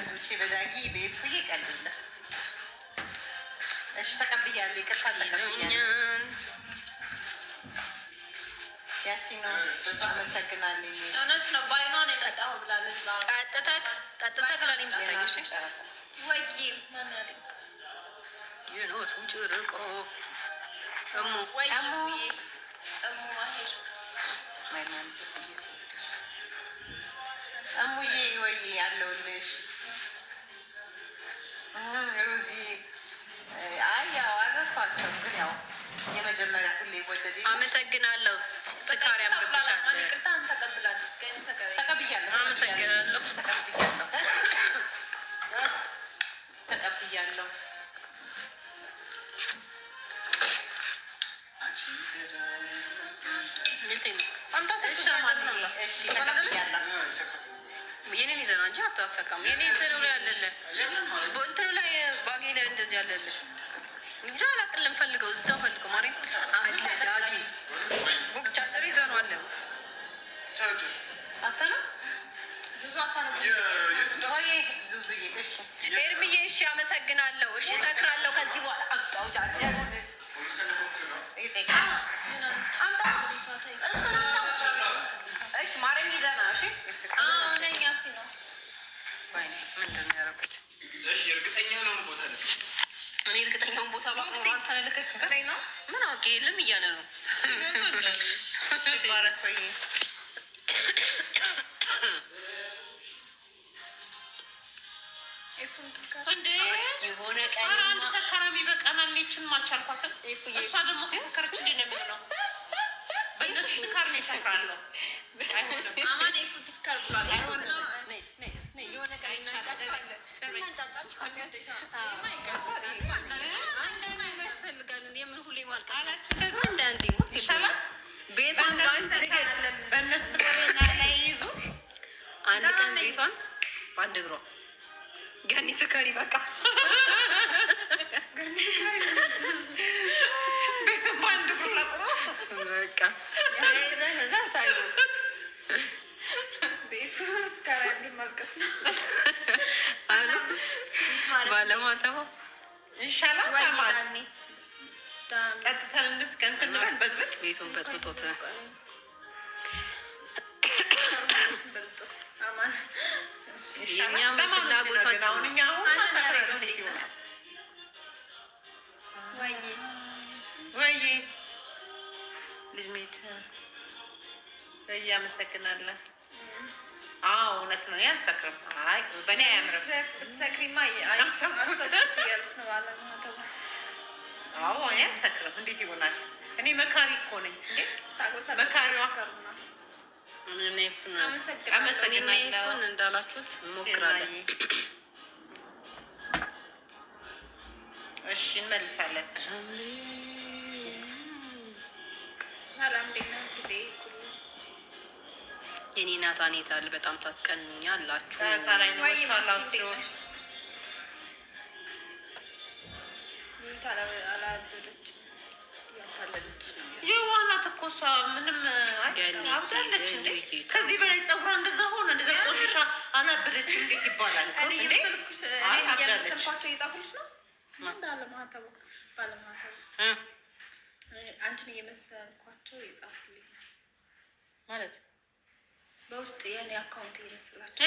ቀልዶቼ በዳጊ በኤፉዬ ቀልድ የለም። እሺ ተቀብያለሁ፣ ይቅርታ ተቀብያለሁ። ያሲን አመሰግናለሁ። እውነት ነው ባይሆን የመጣው ብላለች። ጠጥተህ ጠጥተህ ላኔም ስታኝሽ ወይ የኖቱ ጭርቆ እሙ ወይ እሙ አልቻልኩም፣ ግን ያው የመጀመሪያ ሁሌ ወደድ አመሰግናለሁ። ስካሪ ተቀብያለሁ፣ አመሰግናለሁ። ተቀብያለሁ፣ እንጂ አታሰቃም። የኔ እንትኑ ላይ አለለ፣ እንትኑ ላይ ባጌ ላይ እንደዚህ አለለ እንጃ አላቅልም። ፈልገው እዛው ፈልገው ማሪ አለ ዳጊ ቡክ ቻርጀር ይዘህ ነው አለ ኤርሚዬ። እሺ አመሰግናለሁ። እሺ እሰክራለሁ ከዚህ በኋላ አምጣው እርግጠኛ ነው ቦታ እኔ እርግጠኛውን ቦታ ምን አውቄ የለም እያለ ነው። የሆነ ቀን አንድ ሰካራሚ በቀናል ሌችንም አልቻልኳትም። እሷ ደግሞ ከሰከረች ነው የሚሆነው? በእነሱ ስካር ነው ይሰራለሁ በእነሱ ላይ ይዞ አንድ ቀን ቤቷን በአንድ እግሯ ገኒ ስከሪ በቃ ቤቱ በአንድ እግሯ በቃ እዛ ሳይ ባለማተባ ይሻላል። ጠጥተን እንስከንትን ልበል በጥብጥ ቤቱን በጥብጦት ወይ ልጅ ሜድ እያመሰግናለን። አዎ እውነት ነው። አልሰክርም። በእኔ አያምርም። ብትሰክሪማ እያሉት ነው ባለ አዎ እኔ አልሰክርም። እንዴት ይሆናል? እኔ መካሪ እኮ ነኝ። መካሪዋ አመሰግናለሁ። እንዳላችሁት እሞክራለሁ። እሺ እንመልሳለን። የኔ በጣም ታስቀኑኛ አላችሁ እሷ ምንም አብዳለች እንዴ? ከዚህ በላይ ፀጉሯ እንደዛ ሆነ እንደዛ ቆሻሻ አላበደች እንዴት ይባላል? አንቺን እየመሰልኳቸው ነው ማለት በውስጥ የኔ አካውንት እየመሰላቸው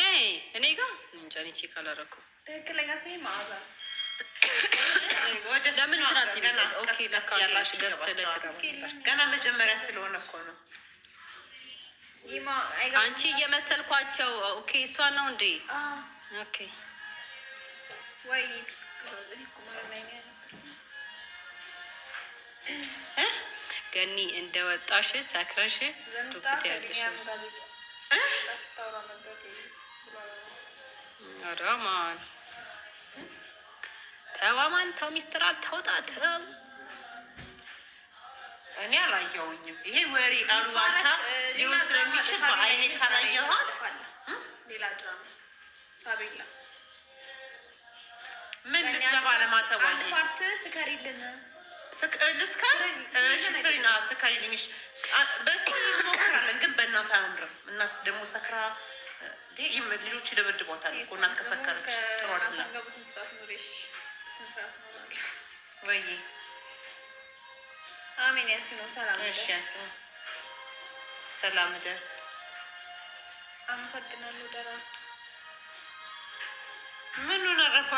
እኔ ጋር እንጃ ቼክ አላደረኩም። ትክክለኛ ሰ ማዛ ለምን ገና መጀመሪያ ስለሆነ እኮ ነው። አንቺ እየመሰልኳቸው ኦኬ፣ እሷ ነው እንዴ? ኦኬ ገኒ እንደወጣሽ ሰክረሽ ዱብት ያለሽ አዳማን ተዋማን ተው፣ ሚስጥር አታውጣ ተው። እኔ አላየውኝም። ይሄ ወሬ አሉባልታ ሊሆን ስለሚችል በአይኔ ካላየኋት ሌላ ድራማ አቤላ ምን ልሰባ ለማተባ ፓርት ስከሪልን ስከሪልስከሪና ስከሪልኝ በስ ሞክራለን፣ ግን በእናት አያምርም። እናት ደግሞ ሰክራ ልጆች ይደበድቧታል እኮ እናት ከሰከረች ጥሩ አይደለም። በስነ ወይ አሜን። ያሲኑ ሰላም እሺ። ያሲኑ ሰላም ደር አመሰግናለሁ። ደራቱ ምኑን አረባ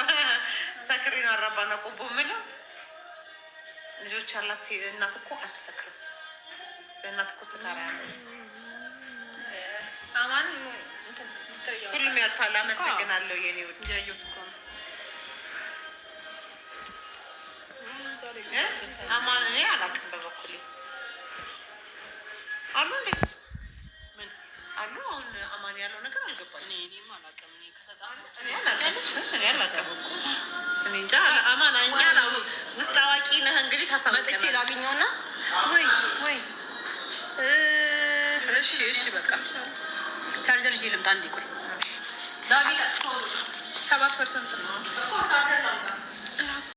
ሰክሪን አረባ ነው ቆቦ ምለው ልጆች አላት። እናት እኮ አትሰክርም። በእናት እኮ ስካራ ያለ አማን ሁሉም ያልፋል። አመሰግናለሁ የኔ ውድ አማን እኔ አላውቅም በበኩሌ አሉ እንዴ አሉ? አሁን አማን ያለው ነገር አልገባኝም። እኔም አላውቅም እንጃ አማን እኛ ውስጥ አዋቂ ነህ እንግዲህ ታሳመጥቼ ላግኘውና ወይ ወይ እሺ እሺ በቃ ቻርጀር ይዤ ልምጣ። እንዴ ሰባት ፐርሰንት ነው